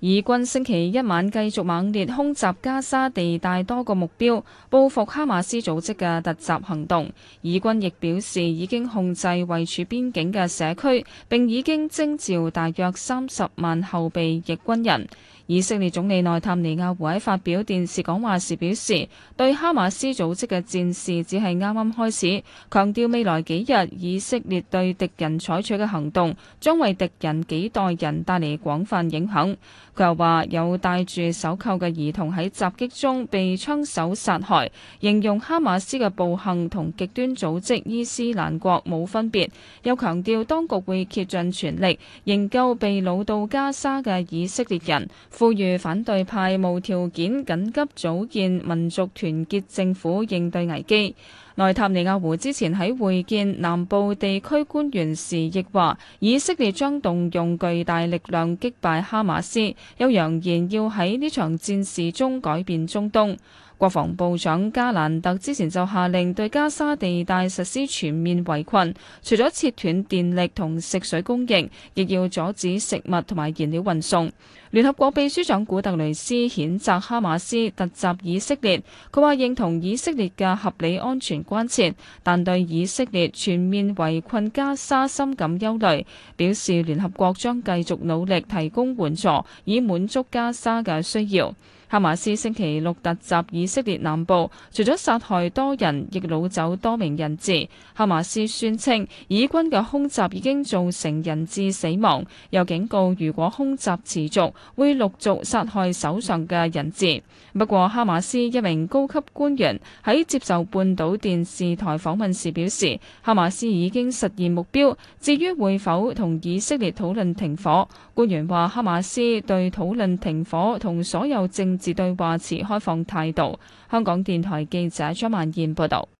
以軍星期一晚繼續猛烈空襲加沙地帶多個目標，報復哈馬斯組織嘅突襲行動。以軍亦表示已經控制位處邊境嘅社區，並已經徵召大約三十萬後備役軍人。以色列總理內塔尼亞胡喺發表電視講話時表示，對哈馬斯組織嘅戰事只係啱啱開始，強調未來幾日以色列對敵人採取嘅行動將為敵人幾代人帶嚟廣泛影響。又話有帶住手銬嘅兒童喺襲擊中被槍手殺害，形容哈馬斯嘅暴行同極端組織伊斯蘭國冇分別，又強調當局會竭盡全力營救被老到加沙嘅以色列人，呼籲反對派無條件緊急組建民族團結政府應對危機。內塔尼亞胡之前喺會見南部地區官員時，亦話以色列將動用巨大力量擊敗哈馬斯，又揚言要喺呢場戰事中改變中東。國防部長加蘭特之前就下令對加沙地帶實施全面圍困，除咗切斷電力同食水供應，亦要阻止食物同埋燃料運送。聯合國秘書長古特雷斯譴責哈馬斯突襲以色列，佢話認同以色列嘅合理安全關切，但對以色列全面圍困加沙深感憂慮，表示聯合國將繼續努力提供援助，以滿足加沙嘅需要。哈馬斯星期六突襲以色列南部，除咗殺害多人，亦擄走多名人質。哈馬斯宣稱，以軍嘅空襲已經造成人質死亡，又警告如果空襲持續，會陸續殺害手上嘅人質。不過，哈馬斯一名高級官員喺接受半島電視台訪問時表示，哈馬斯已經實現目標。至於會否同以色列討論停火，官員話哈馬斯對討論停火同所有政自對話持開放態度。香港電台記者張曼燕報道。